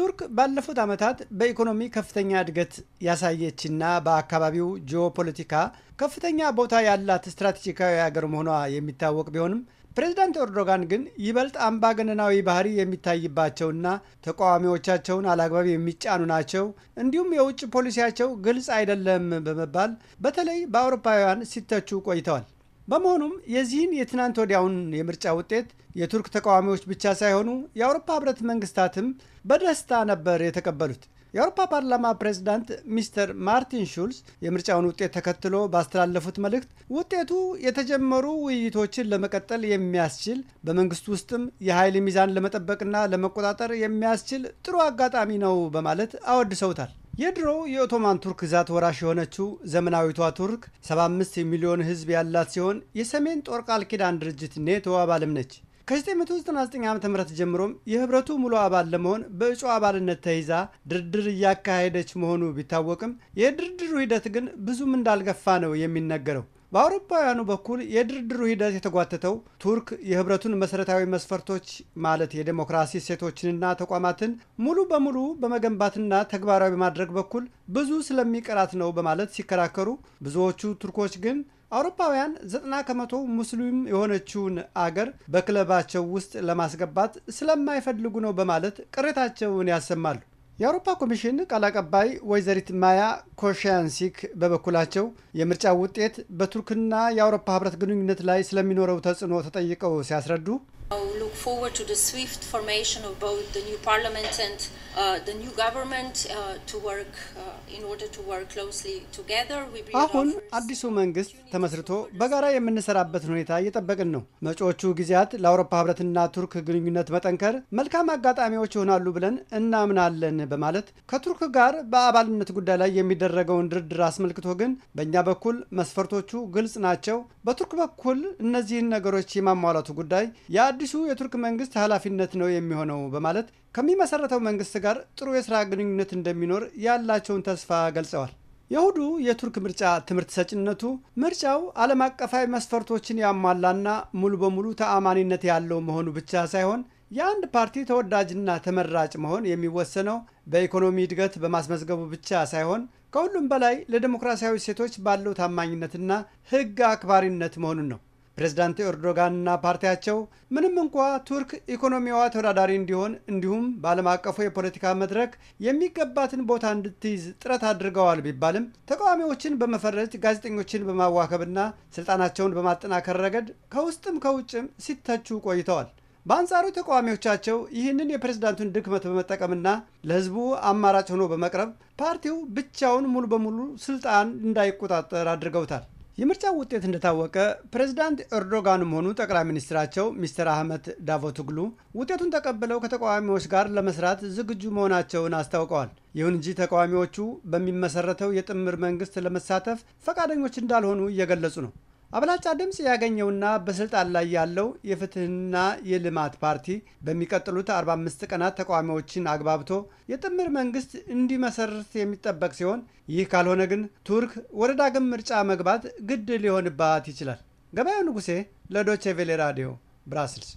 ቱርክ ባለፉት ዓመታት በኢኮኖሚ ከፍተኛ እድገት ያሳየችና በአካባቢው ጂኦፖለቲካ ከፍተኛ ቦታ ያላት ስትራቴጂካዊ ሀገር መሆኗ የሚታወቅ ቢሆንም ፕሬዚዳንት ኤርዶጋን ግን ይበልጥ አምባገነናዊ ባህሪ የሚታይባቸውና ተቃዋሚዎቻቸውን አላግባብ የሚጫኑ ናቸው፣ እንዲሁም የውጭ ፖሊሲያቸው ግልጽ አይደለም በመባል በተለይ በአውሮፓውያን ሲተቹ ቆይተዋል። በመሆኑም የዚህን የትናንት ወዲያውን የምርጫ ውጤት የቱርክ ተቃዋሚዎች ብቻ ሳይሆኑ የአውሮፓ ህብረት መንግስታትም በደስታ ነበር የተቀበሉት። የአውሮፓ ፓርላማ ፕሬዝዳንት ሚስተር ማርቲን ሹልስ የምርጫውን ውጤት ተከትሎ ባስተላለፉት መልእክት ውጤቱ የተጀመሩ ውይይቶችን ለመቀጠል የሚያስችል በመንግስቱ ውስጥም የኃይል ሚዛን ለመጠበቅና ለመቆጣጠር የሚያስችል ጥሩ አጋጣሚ ነው በማለት አወድሰውታል። የድሮ የኦቶማን ቱርክ ግዛት ወራሽ የሆነችው ዘመናዊቷ ቱርክ 75 ሚሊዮን ሕዝብ ያላት ሲሆን የሰሜን ጦር ቃል ኪዳን ድርጅት ኔቶ አባልም ነች። ከ999 ዓ ም ጀምሮም የህብረቱ ሙሉ አባል ለመሆን በእጩ አባልነት ተይዛ ድርድር እያካሄደች መሆኑ ቢታወቅም የድርድሩ ሂደት ግን ብዙም እንዳልገፋ ነው የሚነገረው። በአውሮፓውያኑ በኩል የድርድሩ ሂደት የተጓተተው ቱርክ የህብረቱን መሰረታዊ መስፈርቶች ማለት የዴሞክራሲ እሴቶችንና ተቋማትን ሙሉ በሙሉ በመገንባትና ተግባራዊ በማድረግ በኩል ብዙ ስለሚቀራት ነው በማለት ሲከራከሩ፣ ብዙዎቹ ቱርኮች ግን አውሮፓውያን ዘጠና ከመቶ ሙስሊም የሆነችውን አገር በክለባቸው ውስጥ ለማስገባት ስለማይፈልጉ ነው በማለት ቅሬታቸውን ያሰማሉ። የአውሮፓ ኮሚሽን ቃል አቀባይ ወይዘሪት ማያ ኮሻያንሲክ በበኩላቸው የምርጫ ውጤት በቱርክና የአውሮፓ ህብረት ግንኙነት ላይ ስለሚኖረው ተጽዕኖ ተጠይቀው ሲያስረዱ look forward to the swift formation of both the new parliament and uh, the new government uh, to work uh, in order to work closely together. አሁን አዲሱ መንግስት ተመስርቶ በጋራ የምንሰራበትን ሁኔታ እየጠበቅን ነው። መጪዎቹ ጊዜያት ለአውሮፓ ህብረትና ቱርክ ግንኙነት መጠንከር መልካም አጋጣሚዎች ይሆናሉ ብለን እናምናለን በማለት ከቱርክ ጋር በአባልነት ጉዳይ ላይ የሚደረገውን ድርድር አስመልክቶ ግን በእኛ በኩል መስፈርቶቹ ግልጽ ናቸው። በቱርክ በኩል እነዚህን ነገሮች የማሟላቱ ጉዳይ አዲሱ የቱርክ መንግስት ኃላፊነት ነው የሚሆነው በማለት ከሚመሰረተው መንግስት ጋር ጥሩ የስራ ግንኙነት እንደሚኖር ያላቸውን ተስፋ ገልጸዋል። የእሁዱ የቱርክ ምርጫ ትምህርት ሰጭነቱ ምርጫው ዓለም አቀፋዊ መስፈርቶችን ያሟላና ሙሉ በሙሉ ተአማኒነት ያለው መሆኑ ብቻ ሳይሆን የአንድ ፓርቲ ተወዳጅና ተመራጭ መሆን የሚወሰነው በኢኮኖሚ እድገት በማስመዝገቡ ብቻ ሳይሆን ከሁሉም በላይ ለዲሞክራሲያዊ ሴቶች ባለው ታማኝነትና ሕግ አክባሪነት መሆኑን ነው። ፕሬዝዳንት ኤርዶጋንና ፓርቲያቸው ምንም እንኳ ቱርክ ኢኮኖሚዋ ተወዳዳሪ እንዲሆን እንዲሁም በዓለም አቀፉ የፖለቲካ መድረክ የሚገባትን ቦታ እንድትይዝ ጥረት አድርገዋል ቢባልም ተቃዋሚዎችን በመፈረጅ ጋዜጠኞችን በማዋከብና ስልጣናቸውን በማጠናከር ረገድ ከውስጥም ከውጭም ሲተቹ ቆይተዋል። በአንጻሩ ተቃዋሚዎቻቸው ይህንን የፕሬዝዳንቱን ድክመት በመጠቀምና ለሕዝቡ አማራጭ ሆኖ በመቅረብ ፓርቲው ብቻውን ሙሉ በሙሉ ስልጣን እንዳይቆጣጠር አድርገውታል። የምርጫ ውጤት እንደታወቀ ፕሬዚዳንት ኤርዶጋንም ሆኑ ጠቅላይ ሚኒስትራቸው ሚስተር አህመት ዳቮትግሉ ውጤቱን ተቀብለው ከተቃዋሚዎች ጋር ለመስራት ዝግጁ መሆናቸውን አስታውቀዋል። ይሁን እንጂ ተቃዋሚዎቹ በሚመሰረተው የጥምር መንግስት ለመሳተፍ ፈቃደኞች እንዳልሆኑ እየገለጹ ነው። አብላጫ ድምፅ ያገኘውና በስልጣን ላይ ያለው የፍትህና የልማት ፓርቲ በሚቀጥሉት 45 ቀናት ተቃዋሚዎችን አግባብቶ የጥምር መንግስት እንዲመሰርት የሚጠበቅ ሲሆን ይህ ካልሆነ ግን ቱርክ ወደ ዳግም ምርጫ መግባት ግድ ሊሆንባት ይችላል። ገበያው ንጉሴ ለዶቼ ቬሌ ራዲዮ ብራስልስ